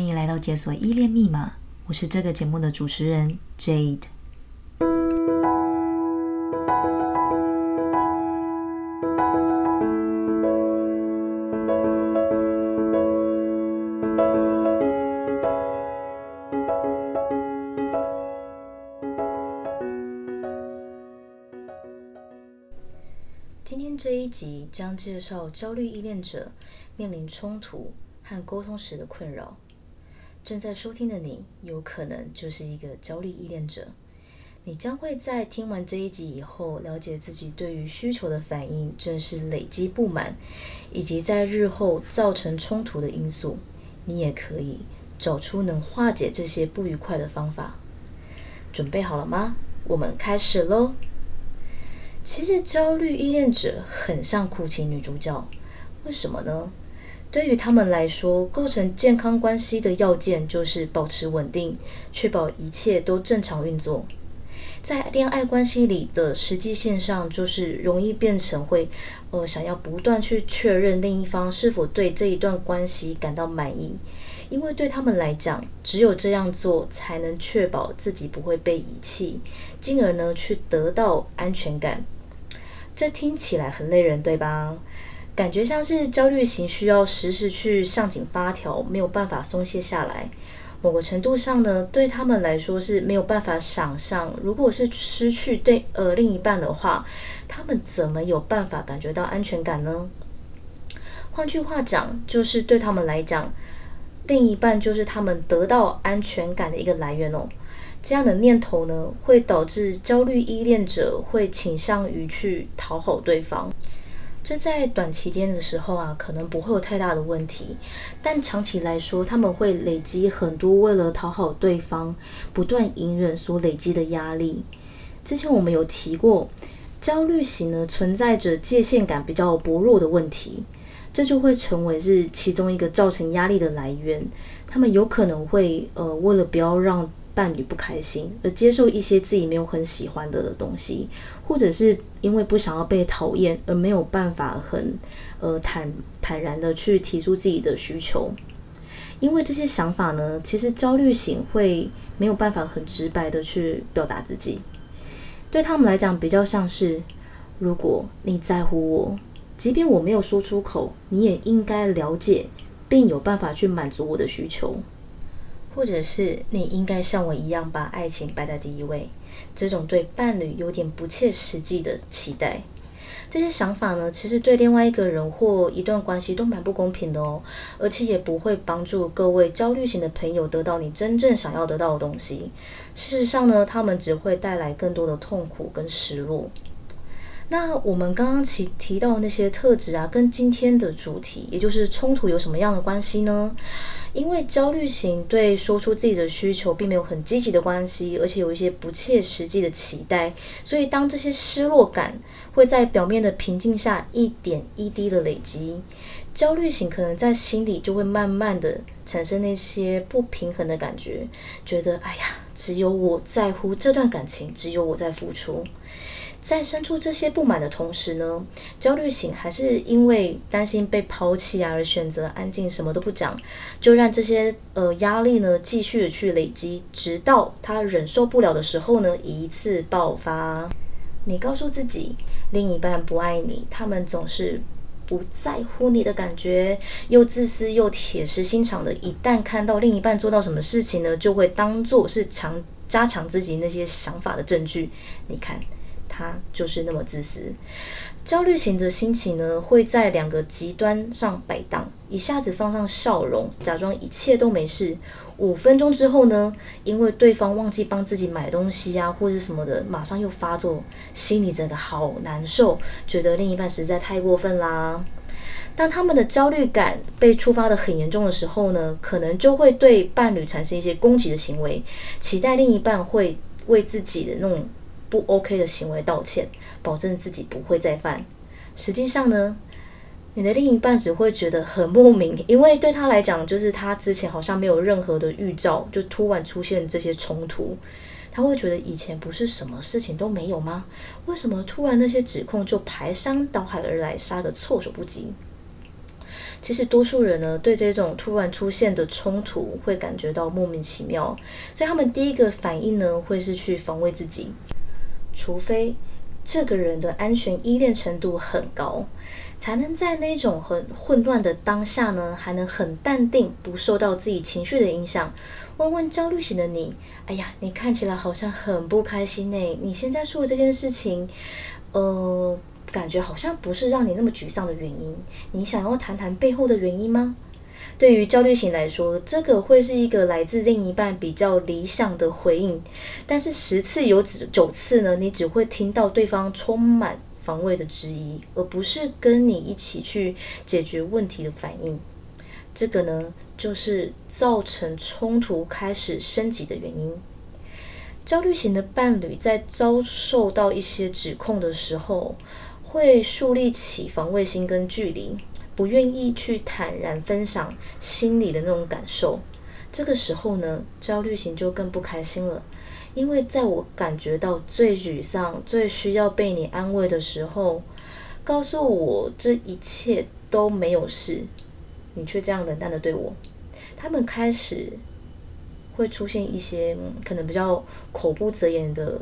歡迎來到《解鎖依戀密碼》，我是這個節目的主持人 Jade。今天這一集將介紹焦慮依戀者面臨衝突和溝通時的困擾。正在收聽的你，有可能就是一個焦慮依戀者。你將會在聽完這一集以後，了解自己對於需求的反應，正是累積不滿，以及在日後造成衝突的因素。你也可以找出能化解這些不愉快的方法。準備好了嗎？我們開始嘍。其實焦慮依戀者很像苦情女主角，為什麼呢？對於他們來說，構成健康關係的要件就是保持穩定，確保一切都正常運作。在戀愛關係裡的實際現象，就是容易變成會，呃，想要不斷去確認另一方是否對這一段關係感到滿意，因為對他們來講，只有這樣做才能確保自己不會被遺棄，進而呢，去得到安全感。這聽起來很累人，對吧？感覺像是焦慮型，需要時時去上緊發條，沒有辦法鬆懈下來。某個程度上呢，對他們來說是沒有辦法想象，如果是失去對呃另一半的話，他們怎麼有辦法感覺到安全感呢？換句話講，就是對他們來講，另一半就是他們得到安全感的一個來源哦。這樣的念頭呢，會導致焦慮依戀者會傾向於去討好對方。這在短期間的時候啊，可能不會有太大的問題，但長期來說，他們會累積很多為了討好對方、不斷隱忍所累積的壓力。之前我們有提過，焦慮型呢存在着界限感比較薄弱的問題，這就會成為是其中一個造成壓力的來源。他們有可能會呃，為了不要讓伴侶不開心，而接受一些自己沒有很喜歡的東西，或者是因為不想要被討厭，而沒有辦法很，呃，坦坦然的去提出自己的需求。因為這些想法呢，其實焦慮型會沒有辦法很直白的去表達自己。對他們來講，比較像是如果你在乎我，即便我沒有說出口，你也應該了解，並有辦法去滿足我的需求。或者是你應該像我一樣把愛情擺在第一位，這種對伴侶有點不切實際的期待。這些想法呢，其實對另外一個人或一段關係都蠻不公平的哦，而且也不會幫助各位焦慮型的朋友得到你真正想要得到的東西。事實上呢，他們只會帶來更多的痛苦跟失落。那我們剛剛提提到的那些特質啊，跟今天的主題，也就是衝突，有什麼樣的關係呢？因為焦慮型對說出自己的需求，並沒有很積極的關係，而且有一些不切實際的期待，所以當這些失落感會在表面的平靜下一點一滴的累積，焦慮型可能在心裡就會慢慢的產生那些不平衡的感覺，覺得哎呀，只有我在乎這段感情，只有我在付出。在生出這些不滿的同時呢，焦慮型還是因為擔心被拋棄、啊、而選擇安靜，什麼都不講，就讓這些呃壓力呢繼續的去累積，直到他忍受不了的時候呢，一次爆發。你告訴自己，另一半不愛你，他們總是不在乎你的感覺，又自私又鐵石心腸的，一旦看到另一半做到什麼事情呢，就會當做是強加強自己那些想法的證據。你看。他就是那麼自私。焦慮型的心情呢，會在兩個極端上擺盪，一下子放上笑容，假裝一切都沒事。五分鐘之後呢，因為對方忘記幫自己買東西啊，或者是什麼的，馬上又發作，心裡真的好難受，覺得另一半實在太過分啦。當他們的焦慮感被觸發得很嚴重的時候呢，可能就會對伴侶產生一些攻擊的行為，期待另一半會為自己的那種。不 OK 的行為道歉，保證自己不會再犯。實際上呢，你的另一半只會覺得很莫名，因為對他來講，就是他之前好像沒有任何的預兆，就突然出現這些衝突，他會覺得以前不是什麼事情都沒有嗎？為什麼突然那些指控就排山倒海而來，殺得措手不及？其實多數人呢，對這種突然出現的衝突會感覺到莫名其妙，所以他們第一個反應呢，會是去防衛自己。除非這個人的安全依戀程度很高，才能在那種很混亂的當下呢，還能很淡定，不受到自己情緒的影響。問問焦慮型的你，哎呀，你看起來好像很不開心欸，你現在說的這件事情，呃，感覺好像不是讓你那麼沮喪的原因，你想要談談背後的原因嗎？對於焦慮型來說，這個會是一個來自另一半比較理想的回應，但是十次有九次呢，你只會聽到對方充滿防衛的質疑，而不是跟你一起去解決問題的反應。這個呢，就是造成衝突開始升級的原因。焦慮型的伴侶在遭受到一些指控的時候，會樹立起防衛心跟距離。不願意去坦然分享心裡的那種感受，這個時候呢，焦慮型就更不開心了，因為在我感覺到最沮喪、最需要被你安慰的時候，告訴我這一切都沒有事，你卻這樣冷淡的對我，他們開始會出現一些可能比較口不擇言的，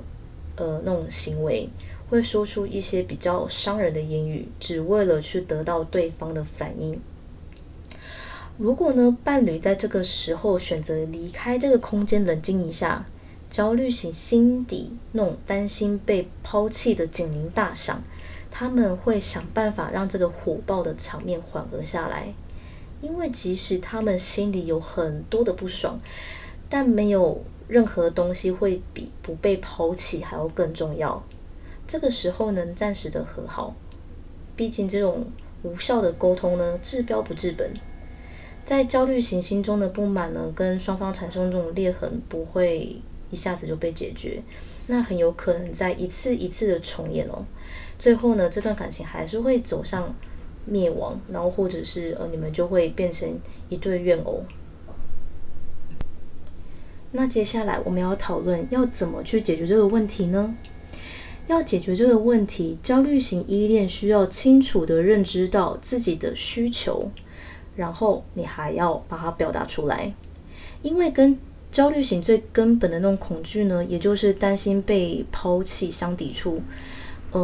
呃，那種行為。會說出一些比較傷人的言語，只為了去得到對方的反應。如果呢，伴侶在這個時候選擇離開這個空間，冷靜一下，焦慮型心底那種擔心被拋棄的警鈴大響，他們會想辦法讓這個火爆的場面緩和下來。因為即使他們心裡有很多的不爽，但沒有任何東西會比不被拋棄還要更重要。這個時候能暫時的和好，畢竟這種無效的溝通呢，治標不治本。在焦慮型心中的不滿呢，跟雙方產生這種裂痕，不會一下子就被解決，那很有可能再一次一次的重演哦。最後呢，這段感情還是會走向滅亡，然後或者是呃，你們就會變成一對怨偶。那接下來我們要討論，要怎麼去解決這個問題呢？要解決這個問題，焦慮型依戀需要清楚地認知到自己的需求，然後你還要把它表達出來，因為跟焦慮型最根本的那種恐懼呢，也就是擔心被拋棄相抵觸。嗯、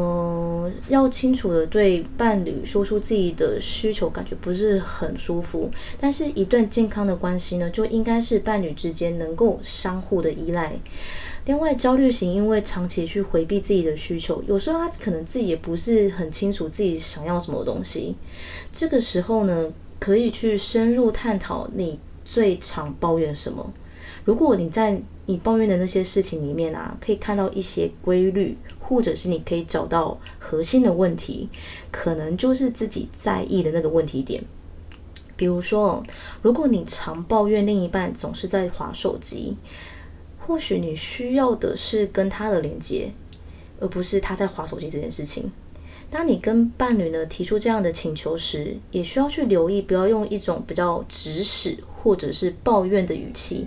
呃，要清楚地對伴侶說出自己的需求，感覺不是很舒服，但是一段健康的關係呢，就應該是伴侶之間能夠相互的依賴。另外，焦慮型因為長期去回避自己的需求，有時候他可能自己也不是很清楚自己想要什麼東西。這個時候呢，可以去深入探討你最常抱怨什麼？如果你在你抱怨的那些事情裡面啊，可以看到一些規律，或者是你可以找到核心的問題，可能就是自己在意的那個問題點。比如說哦，如果你常抱怨另一半總是在滑手機。或許你需要的是跟他的連接，而不是他在滑手機這件事情。當你跟伴侶呢提出這樣的請求時，也需要去留意，不要用一種比較指使或者是抱怨的語氣，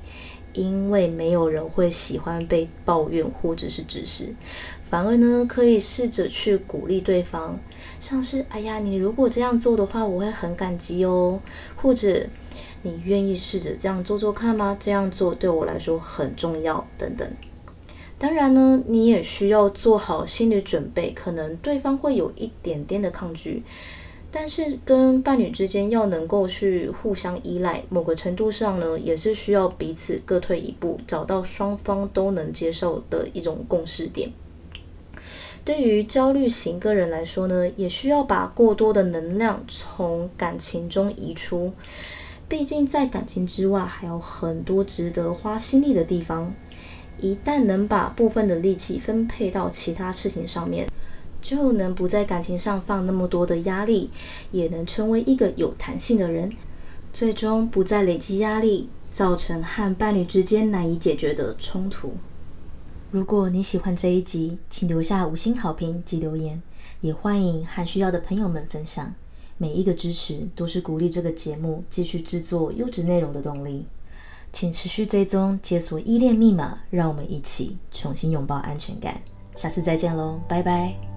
因為沒有人會喜歡被抱怨或者是指使。反而呢，可以試着去鼓勵對方，像是“哎呀，你如果這樣做的話，我會很感激哦”，或者。你願意試着這樣做做看嗎？這樣做對我來說很重要，等等。當然呢，你也需要做好心理準備，可能對方會有一點點的抗拒。但是跟伴侶之間要能夠去互相依賴，某個程度上呢，也是需要彼此各退一步，找到雙方都能接受的一種共識點。對於焦慮型個人來說呢，也需要把過多的能量從感情中移出。畢竟在感情之外，還有很多值得花心力的地方。一旦能把部分的力氣分配到其他事情上面，就能不在感情上放那麼多的壓力，也能成為一個有彈性的人，最終不再累積壓力，造成和伴侶之間難以解決的衝突。如果你喜歡這一集，請留下五星好評及留言，也歡迎和需要的朋友們分享。每一個支持都是鼓勵這個節目繼續制作優質內容的動力，請持續追蹤，解鎖依戀密碼，讓我們一起重新擁抱安全感。下次再見嘍，拜拜。